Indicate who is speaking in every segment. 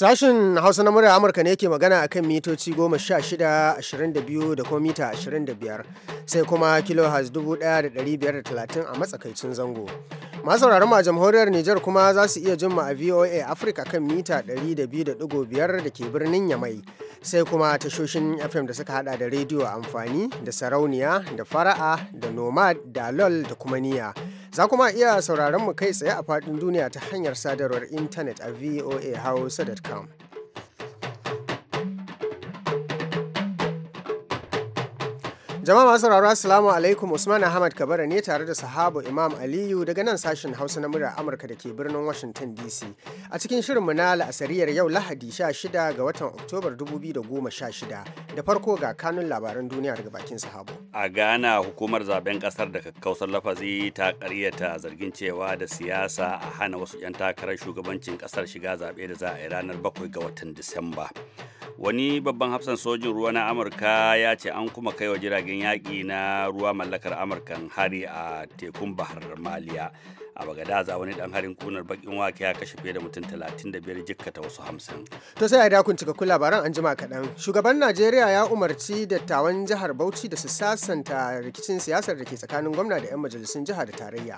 Speaker 1: Sashen Hausa na murya Amurka ne ke magana a kan mitoci 16, 22 da kuma mita 25 sai kuma kilohaz 1530 a matsakaicin zango. Masu mu a jamhuriyar Nijar kuma za su iya jin a VOA Africa kan mita 102.5 da ke birnin Yamai. sai kuma tashoshin fm da suka hada da rediyo amfani da sarauniya da fara'a da nomad da lol da kuma niya za kuma iya sauraron mu kai tsaye a faɗin duniya ta hanyar sadarwar intanet a voa hausa.com Jama'a masu sauraro Assalamu alaikum Usman Ahmad Kabara ne tare da sahabu Imam Aliyu daga nan sashen Hausa na murar Amurka da ke birnin Washington DC. A cikin shirinmu na la'asariyar yau Lahadi 16 ga watan Oktobar 2016 da farko ga kanun labaran duniya daga bakin sahabu.
Speaker 2: A Ghana hukumar zaben kasar da kakkausar lafazi ta karyata zargin cewa da siyasa a hana wasu 'yan takarar shugabancin kasar shiga zaɓe da za a yi ranar 7 ga watan Disamba. wani babban hafsan sojin ruwa na amurka ya ce an kuma kaiwa jiragen yaƙi na ruwa mallakar amurkan hari a tekun bahar maliya a bagadaza wani dan harin kunar bakin wake ya kashe fiye da mutum 35 jikkata wasu 50
Speaker 1: to sai a dakun cikakkun labaran an jima kaɗan shugaban najeriya ya umarci dattawan jihar bauchi da su sasanta rikicin siyasar da ke tsakanin gwamna da 'yan majalisun jiha da tarayya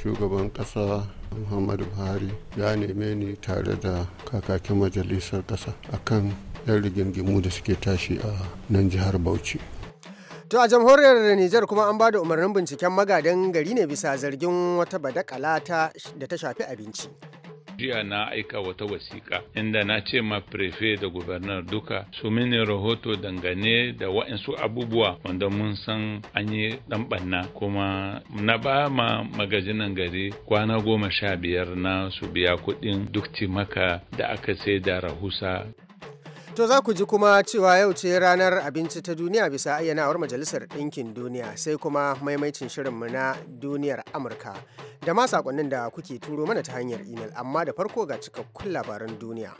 Speaker 3: shugaban ƙasa muhammadu buhari ya neme ni tare da kakakin majalisar ƙasa akan yan rigingimu da suke tashi a nan jihar bauchi
Speaker 1: To a jamhuriyar Nijar kuma an ba da umarnin binciken magadan gari ne bisa zargin wata badakala da ta shafi abinci.
Speaker 4: jiya na aika wata wasiƙa inda na ce ma prefe da gubernar duka su mini rahoto dangane da waɗansu abubuwa wanda mun san an yi ɗanɓanna kuma na ba ma magajinan gari kwana goma sha biyar na su biya kuɗin duk timaka da aka sai da rahusa
Speaker 1: To za ku ji kuma cewa yau ce ranar abinci ta duniya bisa ayyanawar Majalisar Ɗinkin Duniya sai kuma maimaicin shirinmu na duniyar Amurka da ma sakonnin da kuke turo mana ta hanyar imel amma da farko ga cikakkun labaran duniya.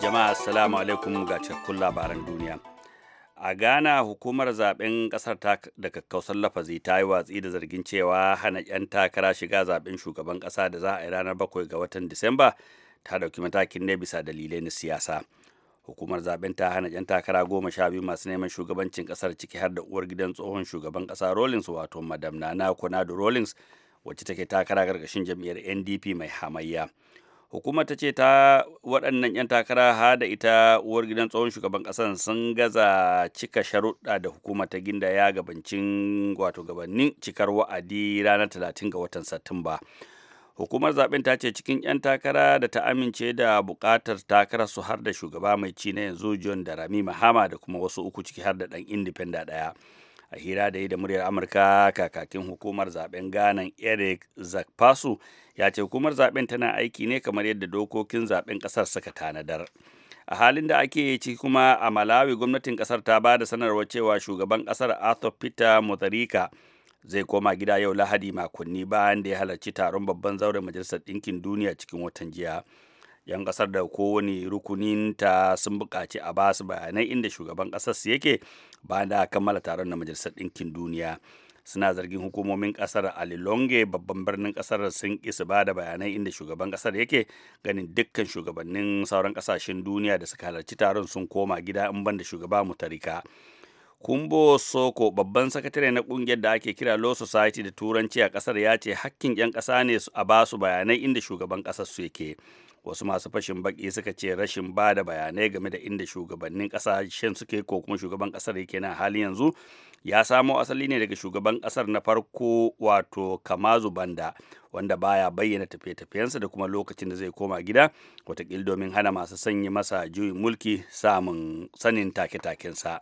Speaker 2: Jama'a Assalamu alaikum ga cikakkun labaran duniya. a ghana hukumar zaben kasar ta da kakkausar lafazi ta yi watsi da zargin cewa hana 'yan takara shiga zaben shugaban kasa da za a yi ranar bakwai ga watan disamba ta dauki matakin ne bisa dalilai na siyasa hukumar zaben ta hana 'yan takara goma sha biyu masu neman shugabancin kasar ciki har da uwar gidan tsohon shugaban kasa rawlings wato madam nana konado rawlings wacce take takara karkashin jam'iyyar ndp mai hamayya hukumar ta ce ta waɗannan 'yan takara ha da ita uwar gidan tsohon shugaban ƙasar sun gaza cika sharuɗa da hukumar ta ginda ya gabancin wato gabanin cikar wa'adi ranar talatin ga watan satumba hukumar zaɓen ta ce cikin 'yan takara da ta amince da buƙatar takarar su har da shugaba mai ci na yanzu john da rami mahama da kuma wasu uku ciki har da ɗan indifenda ɗaya a hira da yi da muryar amurka kakakin hukumar zaben ghana eric zakpasu ya ce hukumar zaben tana aiki ne kamar yadda dokokin zaben kasar suka tanadar a halin da ake ci kuma a malawi gwamnatin kasar ta ba da sanarwar cewa shugaban kasar arthur peter mutharika zai koma gida yau lahadi makonni bayan da ya halarci taron babban zauren majalisar ɗinkin duniya cikin watan jiya 'yan kasar da kowane rukuninta sun buƙaci a basu bayanai inda shugaban ƙasar su yake bayan da kammala taron na majalisar ɗinkin duniya suna zargin hukumomin ƙasar alilonge babban birnin kasar sun kisa ba da bayanai inda shugaban ƙasar yake ganin dukkan shugabannin sauran ƙasashen duniya da suka halarci taron sun koma gida in banda shugaba mu mutarika kumbo soko babban sakatare na kungiyar da ake kira law society da turanci a kasar ya ce hakkin 'yan kasa ne a basu bayanai inda shugaban kasar su yake wasu masu fashin baki suka ce rashin ba da bayanai game da inda shugabannin kasashen suke ko kuma shugaban kasar yake na halin yanzu ya samo asali ne daga shugaban kasar na farko wato kamazu banda wanda baya bayyana tafiye-tafiyensa da kuma lokacin da zai koma gida watakil domin hana masu sanya masa juyin mulki samun sanin take-takensa.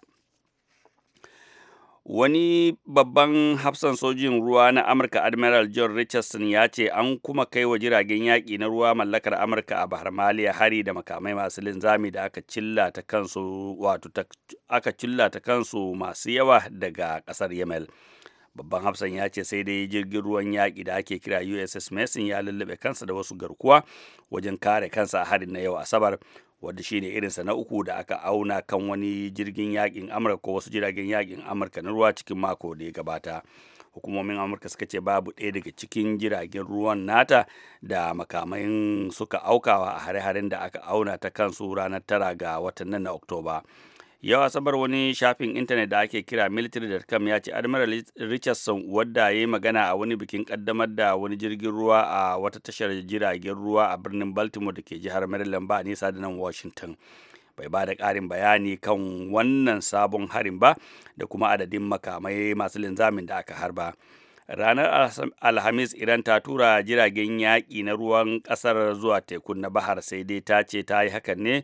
Speaker 2: wani babban hafsan sojin ruwa na amurka admiral john richardson ya ce an kuma kai wa jiragen yaƙi na ruwa mallakar amurka a bahar maliya hari da makamai masu linzami da aka cilla ta kansu masu yawa daga ƙasar yemen babban hafsan ya ce sai dai jirgin ruwan yaƙi da ake kira uss mason ya lullube kansa da wasu garkuwa wajen kare kansa a harin na yau asabar wadda shine irinsa na uku da aka auna kan wani jirgin yakin amurka ko wasu jiragen yakin amurka na ruwa cikin mako da ya gabata hukumomin amurka suka ce babu ɗaya daga cikin jiragen ruwan nata da makamain suka aukawa a hare-haren da aka auna ta kansu ranar tara ga watan nan na oktoba yau asabar wani shafin intanet da ake kira military.com ya ce admiral richardson wadda ya yi magana a wani bikin kaddamar da wani jirgin ruwa a wata tashar jiragen ruwa a birnin baltimore da ke jihar maryland ba nisa da nan washington bai ba da ƙarin bayani kan wannan sabon harin ba da kuma adadin makamai masu linzamin da aka harba ranar alhamis iran ta tura jiragen yaƙi na ruwan ƙasar zuwa tekun na bahar sai dai ta ce ta yi hakan ne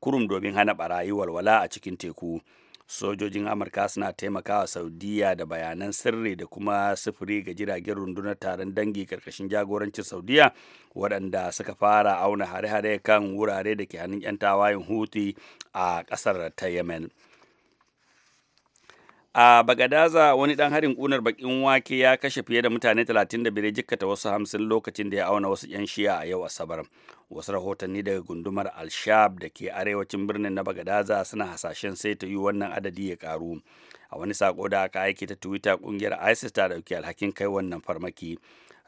Speaker 2: kurum domin hana barayi walwala a cikin teku sojojin amurka suna taimakawa saudiya da bayanan sirri da kuma sufuri ga jiragen rundunar taron dangi karkashin jagorancin saudiya waɗanda suka fara auna hare-hare kan wurare da ke hannun 'yan tawayen huti a ƙasar ta yemen a bagadaza wani dan harin kunar bakin wake ya kashe fiye da mutane 35 jikkata wasu hamsin lokacin da ya auna wasu 'yan shiya a yau asabar wasu rahotanni daga gundumar alshab da ke arewacin birnin na bagadaza suna hasashen sai ta yi wannan adadi ya karu a wani sako da aka aiki ta twitter kungiyar isis ta dauki alhakin kai wannan farmaki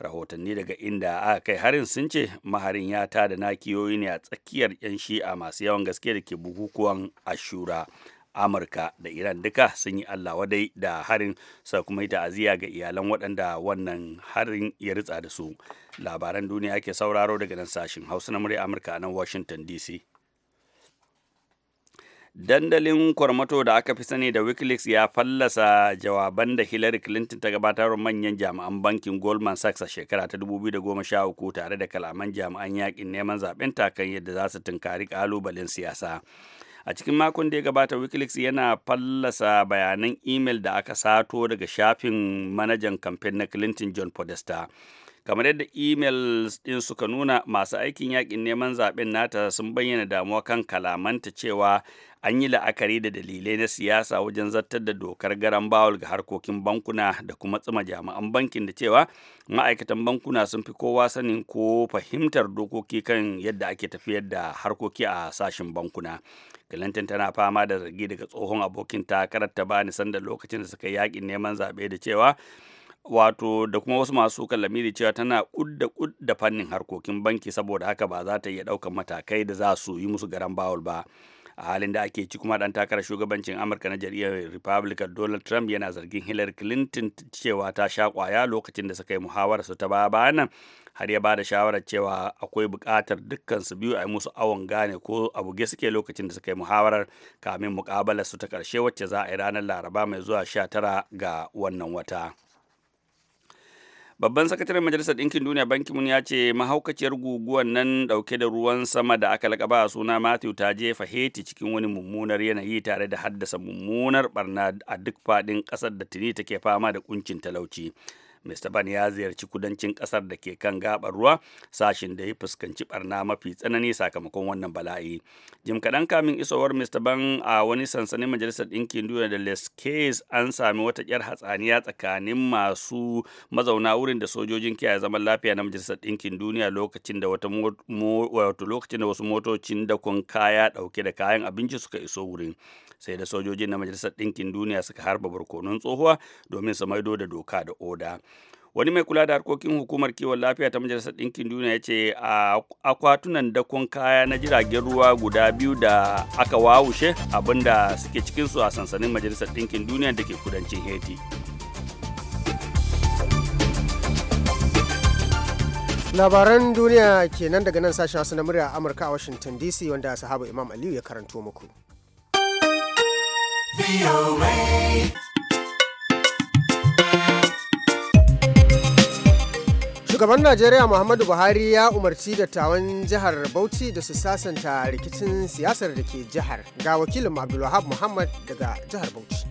Speaker 2: rahotanni daga inda aka kai harin sun ce maharin ya tada nakiyoyi ne a tsakiyar 'yan shi'a masu yawan gaske da ke bukukuwan ashura amurka da iran duka sun yi allah wadai da harin sa kuma yi ta'aziyya ga iyalan waɗanda wannan harin ya ritsa da su labaran duniya ake sauraro daga nan sashin hausa na murya amurka a nan washington dc dandalin kwarmato da aka fi sani da wikileaks ya fallasa jawaban da hillary clinton ta gabatar manyan jami'an bankin goldman sachs a shekara ta 2013 tare da kalaman jami'an yakin neman zaɓen takan yadda za su tunkari kalubalen siyasa a cikin makon da ya gabata wikileaks yana fallasa bayanan imel da aka sato daga shafin manajan kamfen na clinton john podesta kamar yadda emails din suka nuna masu aikin yakin neman zaɓen nata sun bayyana damuwa kan kalamanta cewa an yi la'akari da dalilai na siyasa wajen zartar da dokar garan bawul ga harkokin bankuna da kuma tsima jami'an bankin da cewa ma'aikatan bankuna sun fi kowa sanin ko fahimtar dokoki kan yadda ake tafiyar da harkoki a sashen bankuna Clinton tana fama da zargi daga tsohon abokin takarar ta bani sanda lokacin da suka yakin neman zaɓe da cewa wato da kuma wasu masu kallami da cewa tana kudda kudda fannin harkokin banki saboda haka ba za ta iya ɗaukan matakai da za su yi musu garan bawul ba a halin da ake ci kuma dan takarar shugabancin amurka na jari'ar republican donald trump yana zargin hillary clinton cewa ta sha kwaya lokacin da suka yi muhawarar su ta baya bayan har ya ba da shawarar cewa akwai bukatar dukkan su biyu a yi musu awon gane ko a buge suke lokacin da suka yi muhawarar kamin mukabalar su ta karshe wacce za a yi ranar laraba mai zuwa 19 ga wannan wata. Babban sakataren Majalisar Ɗinkin Duniya Banki Mun ya ce mahaukaciyar guguwar nan ɗauke da ruwan sama da aka lakaba suna Matthew ta jefa Haiti cikin wani mummunar yanayi tare da haddasa mummunar barna a duk faɗin ƙasar da tuni take fama da kuncin talauci. mr ban ya ziyarci kudancin kasar da ke kan gabar ruwa sashin da ya fuskanci barna mafi tsanani sakamakon wannan bala'i jim kaɗan kamin isowar mr ban a wani sansanin majalisar ɗinkin duniya da les an sami wata ƙyar hatsaniya tsakanin masu mazauna wurin da sojojin kiyaye zaman lafiya na majalisar ɗinkin duniya lokacin da wata wato lokacin da wasu motocin da kun kaya ɗauke da kayan abinci suka iso wurin sai da sojojin na majalisar ɗinkin duniya suka harba barkonon tsohuwa domin su maido da doka da oda wani mai kula da harkokin hukumar kiwon lafiya ta majalisar ɗinkin duniya ya ce akwatunan dakon kaya na jiragen ruwa guda biyu da aka wawushe abinda suke cikinsu a sansanin majalisar ɗinkin duniya da ke kudancin haiti
Speaker 1: labaran duniya kenan daga nan sashen wasu na murya amurka a washington dc wanda sahaba imam aliyu ya karanto muku. shugaban najeriya muhammadu buhari ya umarci dattawan jihar bauchi da su sasanta rikicin siyasar da ke jihar ga wakilin abdulwahab muhammad daga jihar bauchi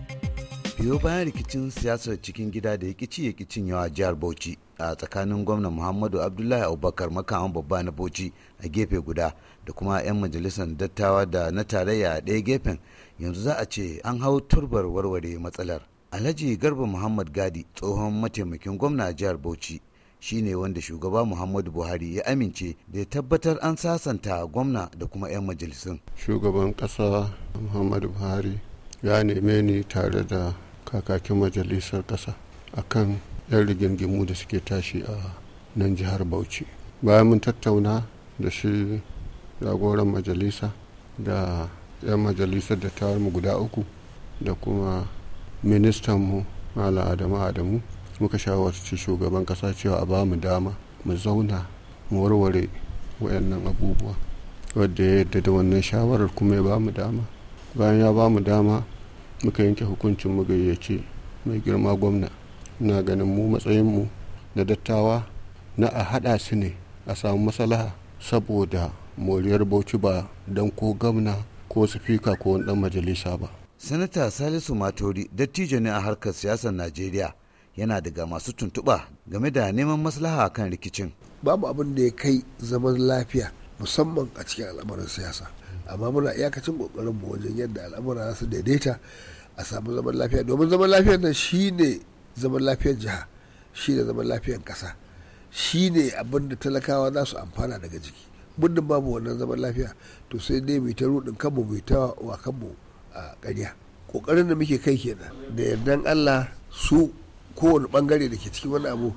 Speaker 5: biyo bayan rikicin siyasar cikin gida da ya kici ya kicin yawa jihar bauchi a tsakanin gwamnan muhammadu abdullahi abubakar makaman babba na bauchi a gefe guda da kuma 'yan majalisar dattawa da na tarayya a ɗaya gefen yanzu za a ce an hau turbar warware matsalar alhaji garba muhammad gadi tsohon mataimakin gwamna jihar bauchi shine wanda shugaba muhammadu buhari ya amince da ya tabbatar an sasanta gwamna da kuma 'yan majalisun shugaban ƙasa muhammadu buhari ya neme ni tare da
Speaker 3: kakakin majalisar ƙasa kan 'yan rigingimu da suke tashi a nan jihar bauchi bayan mun tattauna da shi jagoran majalisa da 'yan majalisar da mu guda uku da kuma ministanmu mala adamu adamu muka shawarci shugaban kasa cewa a mu dama mu zauna mu warware wayannan abubuwa wadda ya yadda da wannan shawarar kuma ya ba mu dama bayan ya ba mu dama muka yanke hukuncin mu gayyace mai girma gwamna na ganin mu matsayinmu na dattawa na a haɗa su ne a samu maslaha saboda moriyar bauchi ba don ko gwamna ko sufika ko wani dan majalisa ba
Speaker 5: sanata salisu matori dattijo ne a harkar siyasar najeriya yana daga masu tuntuɓa game da neman maslaha kan rikicin babu abin da ya kai zaman lafiya musamman a cikin al'amuran siyasa
Speaker 3: amma muna iyakacin kokarin mu wajen yadda al'amura su daidaita a samu zaman lafiya domin zaman lafiya nan shine zaman lafiyar jiha shine zaman lafiyar kasa shine abin da talakawa za su amfana daga jiki muddin babu wannan zaman lafiya to sai dai mu ta rudin kanmu mu ta wa kanmu a ƙarya kokarin da muke kai kenan da yardan
Speaker 5: Allah su kowane bangare da ke cikin wani abu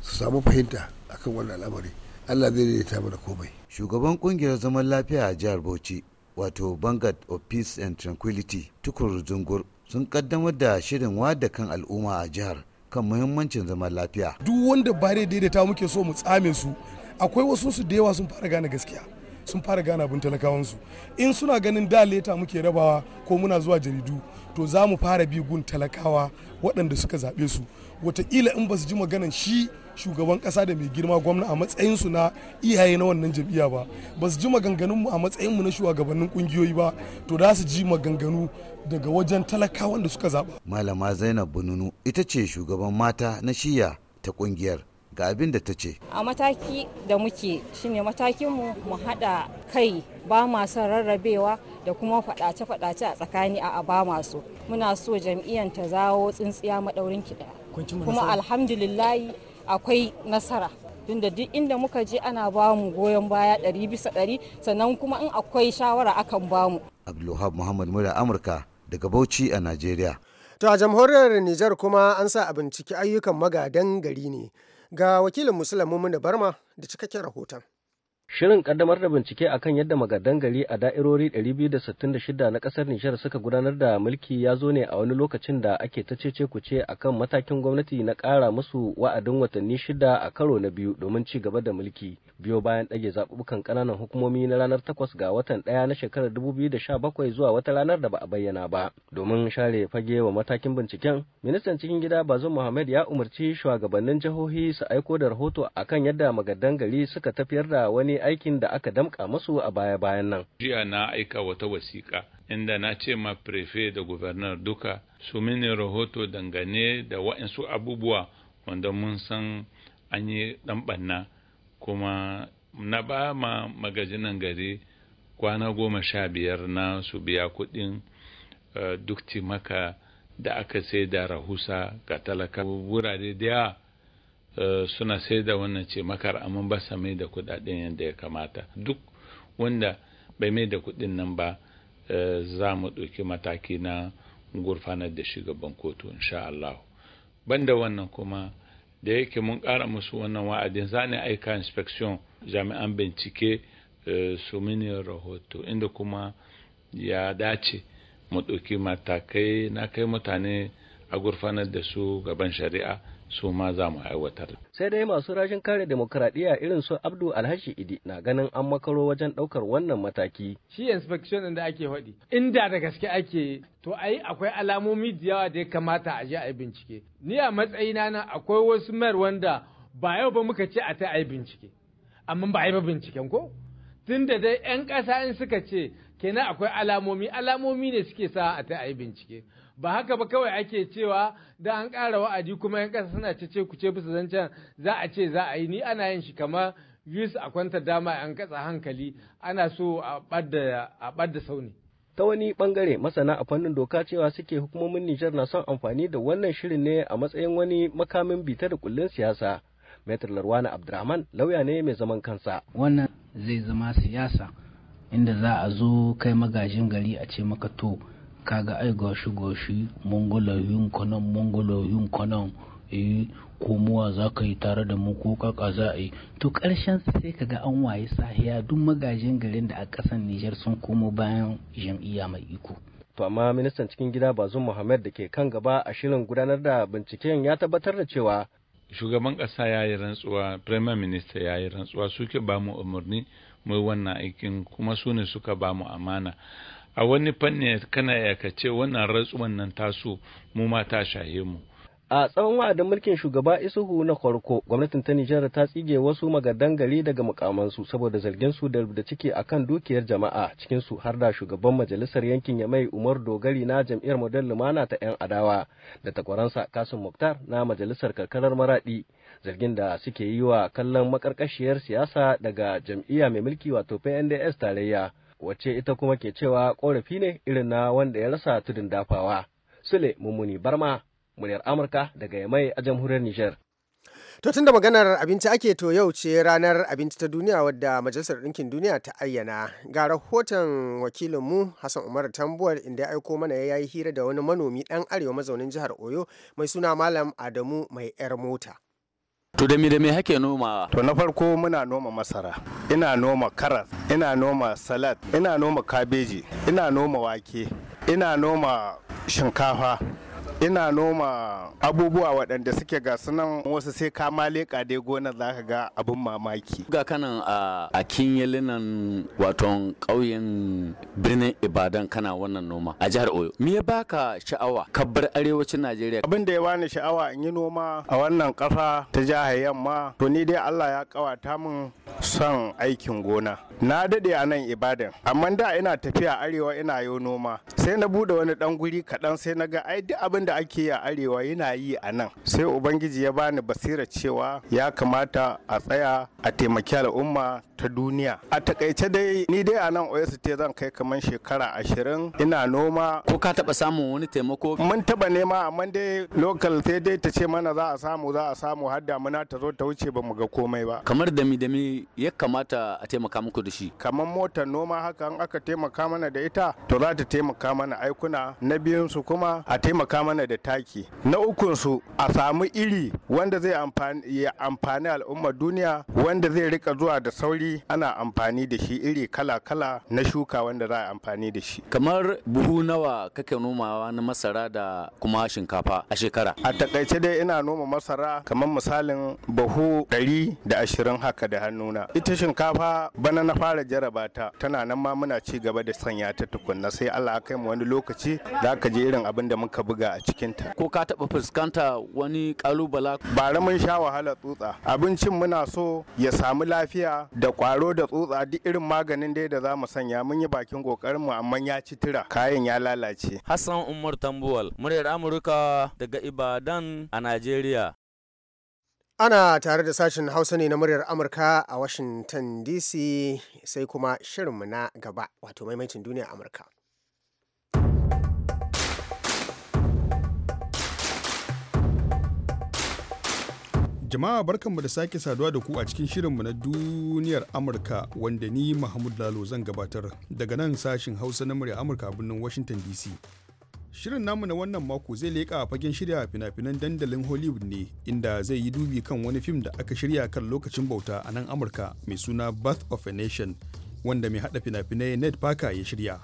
Speaker 5: su samu fahimta akan wannan al'amari allah zai daidaita mana komai shugaban kungiyar zaman lafiya a jihar bauchi wato Bangard of peace and tranquility tukur zungur sun kaddamar da shirin wada kan al'umma a jihar kan muhimmancin zaman lafiya duk wanda ba daidaita muke so mu
Speaker 6: tsame su akwai wasu su da yawa sun fara gane gaskiya sun fara gane abin talakawansu in suna ganin da leta muke rabawa ko muna zuwa jaridu to za mu fara bi gun talakawa waɗanda suka zaɓe su wataƙila in ba su ji maganan shi shugaban ƙasa da mai girma gwamna a matsayinsu na iyaye na wannan jam'iyya ba ba su ji maganganunmu a matsayinmu na shugabannin
Speaker 5: ƙungiyoyi ba to za su ji maganganu daga wajen talakawan da suka zaɓa. malama zainab bununu ita ce shugaban mata na shiya ta ƙungiyar ga abin da ta ce.
Speaker 1: A mataki da muke shine matakinmu mu haɗa kai ba masu rarrabewa da kuma faɗace-faɗace a tsakani a ba masu. Muna so jam'iyyar ta zawo tsintsiya maɗaurin kiɗa. Kuma alhamdulillahi akwai nasara. tunda duk inda muka je ana ba mu goyon baya ɗari bisa ɗari sannan kuma in akwai shawara akan ba mu.
Speaker 5: Abdulwahab Muhammad Mura Amurka daga Bauchi a Najeriya. To a jamhuriyar
Speaker 1: Nijar kuma an sa a binciki ayyukan magadan gari ne. Ga wakilin Musulun mummuna Barma da cikakken rahoton.
Speaker 7: Shirin kaddamar da bincike akan yadda magadan gari a da'irori 266 na kasar Nijar suka gudanar da mulki ya zo ne a wani lokacin da ake ta cece ku ce akan matakin gwamnati na kara musu wa'adin watanni shida a karo na biyu domin ci gaba da mulki biyo bayan ɗage zaɓuɓɓukan ƙananan hukumomi na ranar takwas ga watan ɗaya na shekarar sha bakwai zuwa wata ranar da ba a bayyana ba. Domin share fage wa matakin binciken, ministan cikin gida Bazum Muhammad ya umarci shugabannin jihohi su aiko da rahoto akan yadda magadan gari suka tafiyar da wani aikin da aka damƙa masu a baya-bayan nan.
Speaker 4: Jiya na aika wata wasiƙa inda na ce ma prefe da gubernar duka su mini rahoto dangane da waɗansu abubuwa wanda mun san an yi ɗanɓanna kuma na ba ma magajinan gari kwana goma sha biyar na su biya kuɗin eh, duk timaka da aka sai da rahusa ga talaka wurare da yawa suna sai da wannan ce makar amma ba sa mai da kudaden yadda ya kamata duk wanda bai mai da kudin nan ba eh, za mu ɗauki mataki na gurfanar da shugaban kotu insha Allah banda wannan kuma da yake mun ƙara musu wannan wa'adin za ni aika inspection jami'an bincike eh, su mini rahoto inda kuma ya dace mu ɗauki matakai na kai mutane a gurfanar da su gaban shari'a su ma za mu aiwatar.
Speaker 7: Sai dai masu rashin kare demokuraɗiyya irin su Abdu Alhashi Idi na ganin an makaro wajen ɗaukar wannan mataki. Shi
Speaker 6: inspection da ake faɗi, inda da gaske ake to ai akwai alamomi da yawa da ya kamata a je a yi bincike. Ni a matsayina na akwai wasu mayar wanda ba yau ba muka ce a ta a yi bincike, amma ba a yi ba binciken ko? Tunda dai 'yan ƙasa in suka ce kenan akwai alamomi, alamomi ne suke sa a ta a yi bincike. ba haka ba kawai ake cewa da an ƙara wa'adi kuma yan ƙasa suna ce ku kuce bisa zancen za a ce za a yi ni ana yin shi kamar yus a kwantar dama an katsa hankali ana so a ɓadda
Speaker 1: sauni.
Speaker 7: ta wani bangare masana a fannin doka cewa suke hukumomin Nijar na son amfani da wannan shirin ne a matsayin wani makamin bita da kullun siyasa. Metar Larwana Abdurrahman lauya ne mai zaman kansa. Wannan zai zama siyasa inda za a zo kai magajin gari a ce maka to kaga ai goshi goshi mongolo yun konan mongolo yun eh komowa za ka yi tare da mu ko kaka za a to karshen sai ka ga an waye sahiya duk magajin garin da a ƙasar Nijar sun komo bayan jam'iyya mai iko to amma ministan cikin gida bazum Muhammad da ke kan gaba a shirin gudanar da binciken ya tabbatar da cewa
Speaker 4: shugaban ƙasa ya yi rantsuwa prime minister ya yi rantsuwa suke ba mu umarni mai wannan aikin kuma su ne suka ba mu amana a wani fanni kana ya ce wannan rantsuwan nan taso mu ma ta shahe mu
Speaker 7: a tsawon wa'adin mulkin shugaba isuhu na farko gwamnatin ta nijar ta tsige wasu magadan gari daga mukamansu saboda zargin su da da ciki akan dukiyar jama'a cikin su har da shugaban majalisar yankin yamai umar dogari na jam'iyyar model lumana ta yan adawa da takwaransa kasim muktar na majalisar karkarar maradi zargin da suke yi wa kallon makarkashiyar siyasa daga jam'iyya mai mulki wato pnds tarayya wacce ita kuma ke cewa korafi ne irin na wanda ya rasa tudun dafawa. Sule Mummuni Barma, muryar Amurka daga Yamai a jamhuriyar Nijar. To da maganar abinci ake to yau
Speaker 1: ce ranar abinci ta duniya wadda Majalisar Ɗinkin Duniya ta ayyana. Ga rahoton wakilinmu Hassan Umar Tambuwar inda ya aiko mana ya yi hira da wani manomi ɗan arewa mazaunin jihar Oyo mai suna Malam Adamu mai 'yar mota.
Speaker 6: To da me da hake noma? To na farko muna noma masara, ina noma karas, ina noma salad, ina noma kabeji, ina noma wake, ina noma shinkafa, ina noma abubuwa waɗanda suke ga sunan wasu sai ka male leƙa gona gonar za ka ga abin mamaki ga kanan a a kinyalinan waton ƙauyen birnin ibadan kana wannan noma a jihar oyo me ya baka sha'awa ka bar arewacin najeriya abin da ya bani sha'awa in yi noma a wannan ƙasa ta jihar yamma to ni dai allah ya ƙawata min son aikin gona na dade a nan ibadan amma da ina tafiya arewa ina yo noma sai na bude wani dan guri kaɗan sai na ga ai duk abin da ake yi a arewa yana yi a nan sai ubangiji ya bani basira cewa ya kamata a tsaya a taimaki al'umma ta duniya a takaice dai ni dai a nan Oyasite zan kai kamar shekara ashirin ina noma ko ka taba samun wani taimako mun taba nema amma dai lokal sai dai ta ce mana za a samu za a samu har damuna ta zo ta wuce ba mu ga komai ba kamar dami dami ya kamata a taimaka muku da shi kamar motar noma haka an aka taimaka mana da ita to za ta taimaka mana aikuna na biyunsu kuma a taimaka mana da taki na ukun su a samu iri wanda zai amfani al'ummar duniya wanda zai rika zuwa da sauri ana amfani da shi iri kala-kala na shuka wanda za a amfani da shi kamar buhu nawa kake nomawa na masara da kuma shinkafa a shekara a takaice dai ina noma masara kamar misalin buhu 120 haka da hannuna ita shinkafa bana na fara jaraba ta tana nan ma muna ci gaba da sanya ta tukunna sai Allah ya kai mu wani lokaci za ka je irin abin da muka buga a cikin ta ko ka taba fuskanta wani kalubala bara mun sha wahala tsutsa abincin muna so ya samu lafiya da kwaro da tsutsa duk irin maganin dai da za mu sanya mun yi bakin kokarin mu
Speaker 1: amma ya ci tira kayan ya lalace
Speaker 2: Hassan Umar Tambuwal muryar Amurka daga
Speaker 6: Ibadan a Najeriya
Speaker 1: Ana tare da sashen Hausa ne na muryar Amurka a Washington DC sai kuma shirinmu na gaba wato maimaitin duniya Amurka.
Speaker 8: Jama'a barkanmu da sake saduwa da ku a cikin shirinmu na duniyar Amurka wanda ni Mahmud Lalo zan gabatar daga nan sashen Hausa na muryar Amurka a birnin Washington DC. Shirin namu na wannan mako zai leƙa fagen shirya fina-finan dandalin Hollywood ne inda zai yi dubi kan wani fim da aka shirya kan lokacin bauta a nan Amurka mai suna Birth of a Nation wanda mai haɗa fina-finai Ned Parker ya shirya.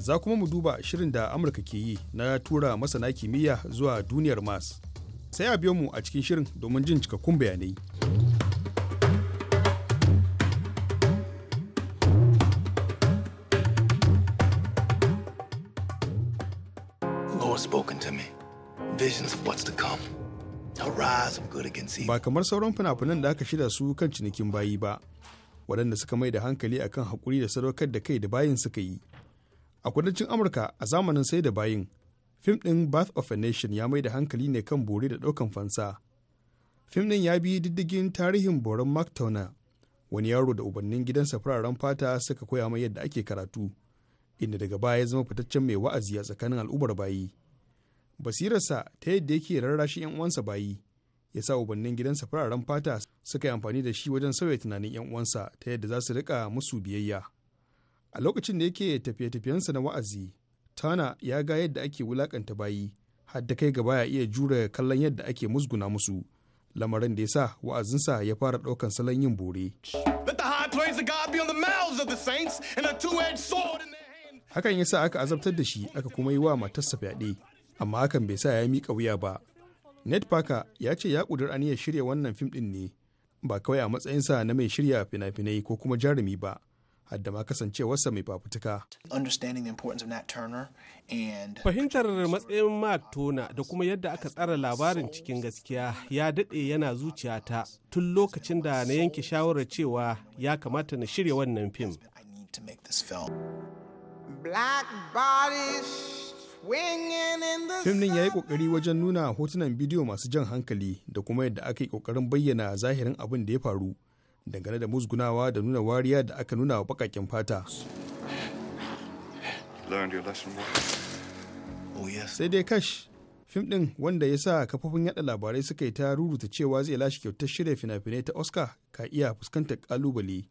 Speaker 8: Za kuma mu duba shirin da Amurka ke yi na tura masana kimiyya zuwa duniyar Mars. Sai a biyo mu a cikin shirin domin jin cikakkun bayanai.
Speaker 6: spoken to me. Visions of
Speaker 5: what's to come. A rise of good against
Speaker 8: evil. Ba kamar sauran fina-finan da aka shirya su kan cinikin bayi ba, waɗanda suka mai da hankali akan haƙuri da sadaukar da kai da bayin suka yi. A kudancin Amurka a zamanin sai da bayin, fim ɗin Birth of a Nation ya mai da hankali ne kan bore da ɗaukan fansa. Fim ɗin ya bi diddigin tarihin boron Mark Turner, wani yaro da ubannin gidansa fararen fata suka koya mai yadda ake karatu. inda daga baya ya zama fitaccen mai wa'azi a tsakanin al'ummar bayi. basirarsa ta yadda yake rarrashi 'yan uwansa bayi ya sa ubannin gidansa fararen fata suka yi amfani da shi wajen sauya tunanin 'yan uwansa ta yadda za su rika musu biyayya a lokacin da yake tafiye-tafiyensa na wa'azi tana ya ga yadda ake wulakanta bayi har da kai gaba ya iya jure kallon yadda ake musguna musu lamarin da ya sa wa'azinsa ya fara ɗaukan salon yin bore hakan ya sa aka azabtar da shi aka kuma yi wa matarsa fyaɗe amma hakan bai sa ya yi miƙa wuya ba ned parker ya ce ya ƙudur aniyar shirya wannan fim ɗin ne ba kawai a matsayinsa na mai shirya fina-finai ko kuma jarumi ba hadda ma kasancewarsa mai fafutuka.
Speaker 1: Fahimtar matsayin Mark Tona da kuma yadda aka tsara labarin cikin gaskiya ya daɗe yana zuciyata tun lokacin da na yanke shawarar
Speaker 6: cewa ya kamata na shirya wannan fim.
Speaker 1: Black bodies fim ɗin ya yi
Speaker 8: kokari wajen nuna hotunan bidiyo masu jan hankali da kuma yadda aka yi ƙoƙarin bayyana zahirin abin da ya faru dangane da musgunawa da nuna wariya da aka nuna wa bakakin fata oh, sai dai kash fim ɗin wanda ya sa kafofin yaɗa labarai suka yi ta ruruta cewa zai lashe kyautar shirya fina-finai ta oscar ka iya fuskantar kalubale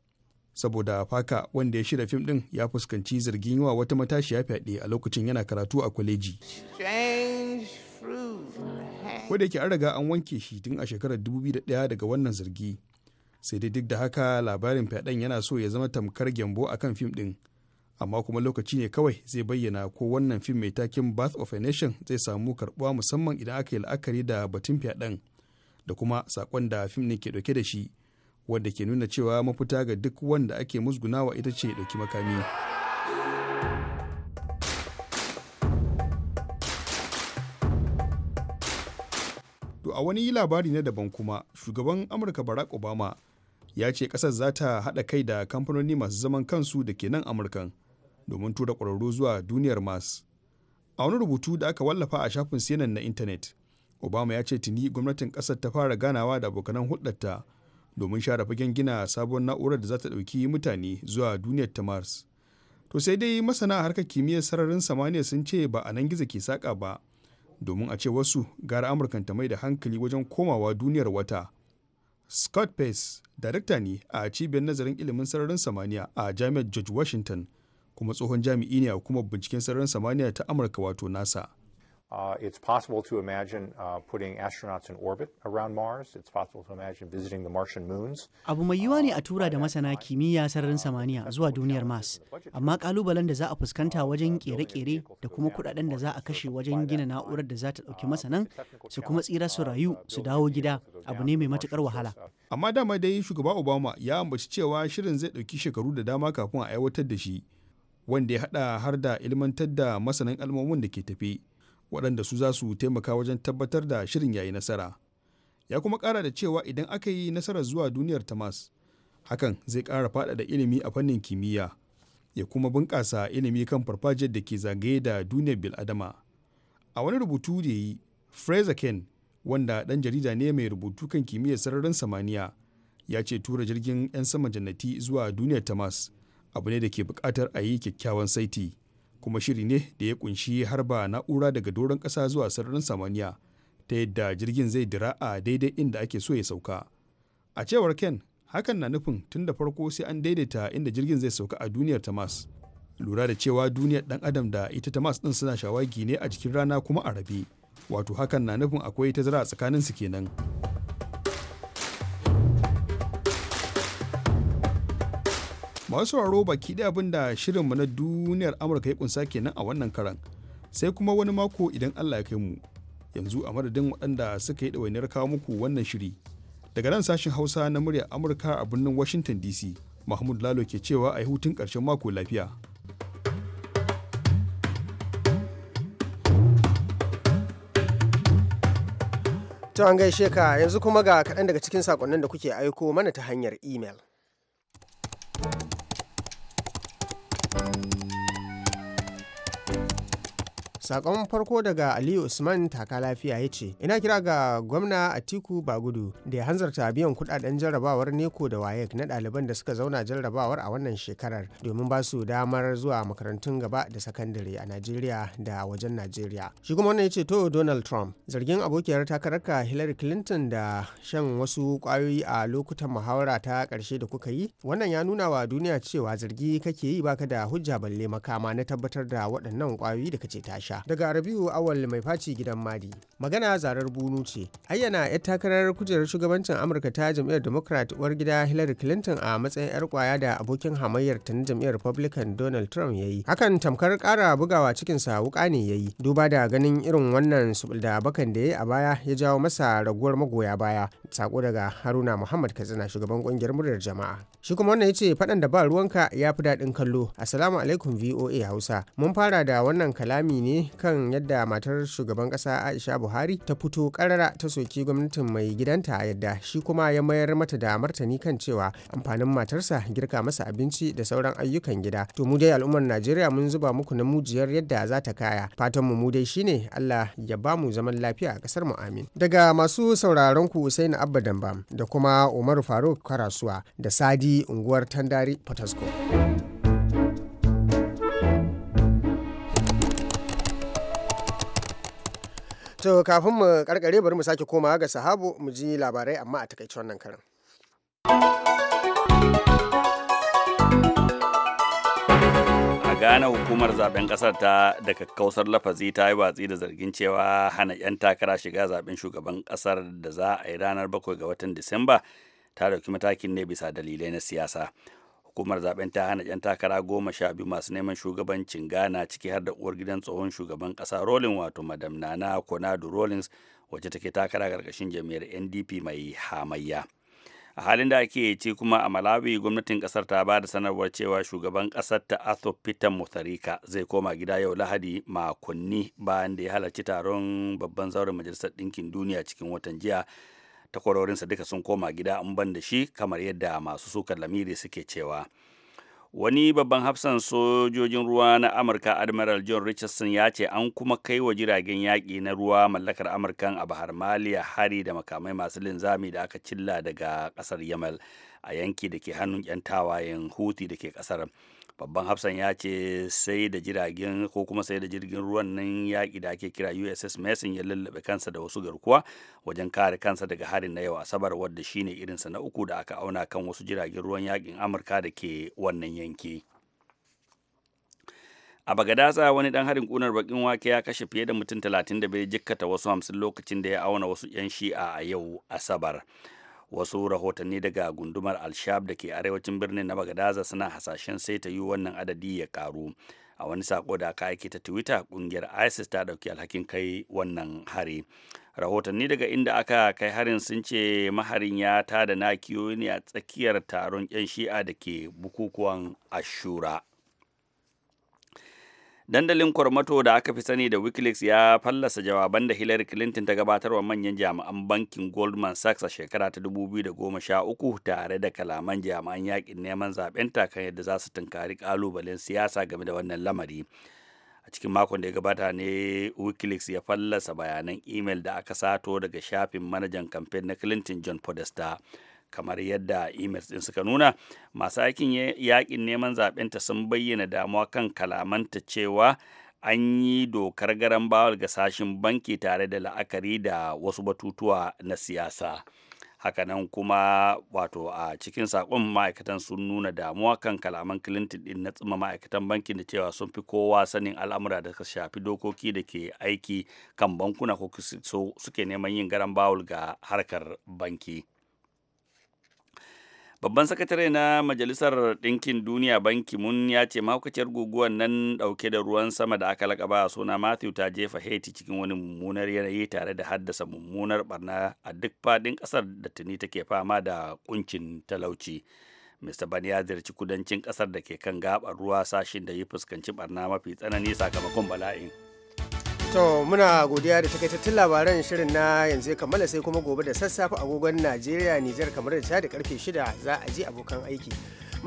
Speaker 8: saboda faka wanda ya shirya fim din ya fuskanci zargin wa wata matashiya fyaɗe a lokacin yana karatu a kwaleji ko yake an riga an wanke shi tun a shekarar 2001 daga wannan zargi sai dai duk da haka labarin fyaɗen yana so ya zama tamkar gyambo kan fim din amma kuma lokaci ne kawai zai bayyana ko wannan fim mai takin bath of a nation zai samu karbuwa musamman idan aka yi la'akari da batun fyaɗen da kuma sakon da fim ne ke ɗauke da shi wadda ke nuna cewa mafita ga duk wanda ake musgunawa ita ce ɗauki makami to a wani labari na daban kuma shugaban amurka barack obama ya ce ƙasar za ta haɗa kai da kamfanoni masu zaman kansu da ke nan amurkan domin tura ƙwararru zuwa duniyar mas a wani rubutu da aka wallafa a shafin cnn na intanet obama ya ce tuni gwamnatin ƙasar ta fara ganawa da abokanan hulɗarta domin share fagen gina sabon na'urar da za ta ɗauki mutane zuwa duniyar ta mars to sai dai masana harkar kimiyyar sararin samaniya sun ce ba a nan gizo ke saƙa ba domin a ce wasu gara amurkan ta mai da hankali wajen komawa duniyar wata scott pace darakta ne a cibiyar nazarin ilimin sararin samaniya a jami'ar george washington kuma tsohon jami'i ne a hukumar binciken sararin samaniya ta amurka wato nasa
Speaker 4: Uh, it's possible to imagine uh, putting astronauts in orbit around Mars. It's possible to imagine visiting the Martian moons.
Speaker 1: Abu mai yiwa ne a uh, tura da masana uh, kimiyya uh, sararin samaniya zuwa duniyar Mars, amma kalubalen da za a fuskanta wajen kere-kere da kuma kudaden da za a kashe wajen gina na'urar da za ta dauki masanan su kuma tsira su rayu su dawo gida abu ne mai matukar wahala. Amma dama dai shugaba Obama
Speaker 8: ya ambaci cewa shirin zai dauki shekaru da dama kafin a aiwatar da shi, wanda ya hada har da ilmantar da masanan kalmomin da ke tafi. waɗanda su za su taimaka wajen tabbatar da shirin yayi nasara ya kuma ƙara da cewa idan aka yi nasarar zuwa duniyar tamas hakan zai ƙara faɗaɗa ilimi a fannin kimiyya ya kuma bunƙasa ilimi kan farfajiyar da ke zagaye da duniyar biladama a wani rubutu da yi fraser ken wanda ɗan jarida ne mai rubutu kan kimiyyar sararin samaniya ya ce tura jirgin 'yan sama jannati zuwa duniyar tamas abu ne da ke bukatar a yi kyakkyawan saiti kuma shiri ne da ya kunshi harba na'ura daga doron ƙasa zuwa sararin samaniya ta yadda jirgin zai dira a daidai inda ake so ya sauka a cewar ken hakan na nufin tun da farko sai an daidaita inda jirgin zai sauka a duniyar tamas lura da cewa duniyar dan adam da ita tamas din suna shawagi ne a jikin rana kuma a rabe wato hakan na nufin akwai tazara tsakanin su kenan. masu sauraro baki da abin da shirinmu na duniyar amurka ya kunsa kenan a wannan karan sai kuma wani mako idan allah ya kai mu yanzu a madadin waɗanda suka yi ɗawainiyar kawo muku wannan shiri daga nan sashen hausa na muryar amurka a birnin washington dc mahmud lalo ke cewa a yi hutun ƙarshen mako lafiya
Speaker 1: ta an gaishe ka yanzu kuma ga kaɗan daga cikin saƙonnin da kuke aiko mana ta hanyar imel. Thank you. sakon farko daga aliyu usman taka lafiya ya ce ina kira ga gwamna atiku bagudu da ya hanzarta biyan kudaden jarrabawar neko da wayek na ɗaliban da suka zauna jarrabawar a wannan shekarar domin ba su damar zuwa makarantun gaba da sakandare a najeriya da wajen najeriya shi kuma wannan ya ce to donald trump zargin abokiyar takararka hillary clinton da shan wasu kwayoyi a lokutan muhawara ta ƙarshe da kuka yi wannan ya nuna wa duniya cewa zargi kake yi baka da hujja balle makama na tabbatar da waɗannan kwayoyi da kace ta sha daga Rabiu Awal mai faci gidan Madi. Magana zarar bunu ce. Ayyana 'yar takarar kujerar shugabancin Amurka ta jam'iyyar Democrat uwar gida Hillary Clinton a matsayin 'yar kwaya da abokin hamayyar ta na jam'iyyar Republican Donald Trump ya yi. Hakan tamkar kara bugawa cikinsa wuka ne ya yi. Duba da ganin irin wannan da bakan da ya yi a baya ya jawo masa raguwar magoya baya. Sako daga Haruna Muhammad Katsina shugaban kungiyar muryar jama'a. shi kuma wannan ya ce faɗan da ba ruwanka ya fi daɗin kallo assalamu alaikum voa hausa mun fara da wannan kalami ne kan yadda matar shugaban ƙasa aisha buhari ta fito ƙarara ta soki gwamnatin mai gidanta yadda shi kuma ya mayar mata da martani kan cewa amfanin matarsa girka masa abinci da sauran ayyukan gida to mu dai al'ummar najeriya mun zuba muku na mujiyar yadda za ta kaya fatan mu mu dai shine allah ya ba mu zaman lafiya a ƙasar mu amin daga masu sauraron ku usaini abba dambam da kuma umaru faruk karasuwa da sadi Ladi unguwar Tandari Potasco. To kafin mu karkare bari mu sake komawa ga sahabu mu ji labarai amma a takaice wannan karin.
Speaker 2: gana hukumar zaben kasar ta da kakkausar lafazi ta yi watsi da zargin cewa hana 'yan takara shiga zaben shugaban kasar da za a yi ranar 7 ga watan Disamba ta dauki matakin ne bisa dalilai na siyasa hukumar zaben ta hana yan takara goma sha biyu masu neman shugabancin ghana ciki har da uwar gidan tsohon shugaban kasa rolling wato madam nana konadu rollins wacce take takara karkashin jam'iyyar ndp mai hamayya a halin da ake ci kuma a malawi gwamnatin kasar ta ba da sanarwar cewa shugaban kasar ta arthur peter mutharika zai koma gida yau lahadi makonni bayan da ya halarci taron babban zauren majalisar ɗinkin duniya cikin watan jiya takwarorinsa duka sun koma gida in ban da shi kamar yadda masu sukar lamiri suke cewa wani babban hafsan sojojin ruwa na amurka admiral john richardson ya ce an kuma kai wa jiragen yaƙi na ruwa mallakar amurkan a bahar maliya hari da makamai masu linzami da aka cilla daga ƙasar yamal a yanki da ke hannun 'yan tawayen huti da ke ƙasar babban hafsan ya ce sai da jiragen ko kuma sai da jirgin ruwan nan yaƙi da ake kira uss mason ya lallabe kansa da wasu garkuwa wajen kare kansa daga harin na yau asabar wadda shine irinsa na uku da aka auna kan wasu jiragen ruwan yaƙin amurka da ke wannan yanki. a bagadasa wani dan harin kunar bakin wake ya kashe fiye da mutum 35 jikkata wasu hamsin lokacin da ya auna wasu 'yan shi'a a yau asabar wasu rahotanni daga gundumar alshab da ke arewacin birnin na bagadaza suna hasashen sai ta yi wannan adadi ya karu a wani sako da aka aiki ta twitter kungiyar isis ta dauki alhakin kai wannan hari rahotanni daga inda aka kai harin sun ce maharin ya tada nakiyoyi ne a tsakiyar taron 'yan shi'a da ke bukukuwan ashura Dandalin Kwarmato da aka fi sani da Wikileaks ya fallasa jawaban da Hillary Clinton ta gabatar wa manyan jami'an bankin Goldman Sachs a shekara ta 2013 tare da kalaman jami'an yakin neman zaben kan yadda za su tunkari kalubalen siyasa game da wannan lamari. A cikin makon da ya gabata ne Wikileaks ya fallasa bayanan imel da aka sato daga shafin manajan kamfen na Clinton John Podesta. kamar yadda emails ɗin suka nuna masu aikin yakin neman zaɓenta sun bayyana damuwa kan kalamanta cewa an yi dokar garan bawal ga sashin banki tare da la'akari da wasu batutuwa na siyasa hakanan kuma wato a cikin sakon ma'aikatan sun nuna damuwa kan kalaman clinton din na tsima ma'aikatan bankin da cewa sun fi kowa sanin al'amura da shafi dokoki da ke aiki kan bankuna ko suke neman yin garan bawul ga harkar banki. Babban sakatare na Majalisar Ɗinkin Duniya Banki Mun ya ce mahaukaciyar guguwar nan ɗauke da ruwan sama da aka lakaba a suna Matthew ta jefa Haiti cikin wani mummunar yanayi tare da haddasa mummunar barna a duk faɗin ƙasar da tuni take fama da kuncin talauci. Mr. bani ya ziyarci kudancin ƙasar da ke kan gaɓar ruwa sashin da ya fuskanci barna mafi tsanani sakamakon bala'in.
Speaker 1: To muna godiya da takaitattun labaran shirin na yanzu kammala sai kuma gobe da sassafe agogon Najeriya Nijar kamar da ta da karfe shida za a je abokan aiki.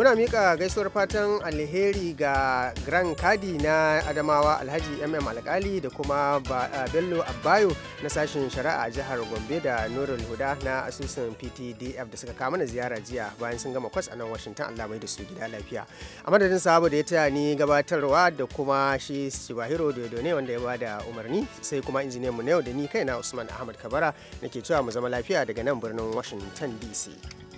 Speaker 1: muna mika gaisuwar fatan alheri ga grand kadi na adamawa alhaji mm alkali da kuma eh, bello abayo na sashen shari'a a jihar gombe da nurul huda na asusun ptdf da suka kama na ziyara jiya bayan sun gama kwas a nan washington allah da su gida lafiya a madadin sabo da ya taya ni gabatarwa da kuma shi shibahiro dodo ne wanda ya bada umarni sai kuma injiniyan mu na yau da ni kaina usman ahmad kabara nake cewa mu zama lafiya daga nan birnin washington dc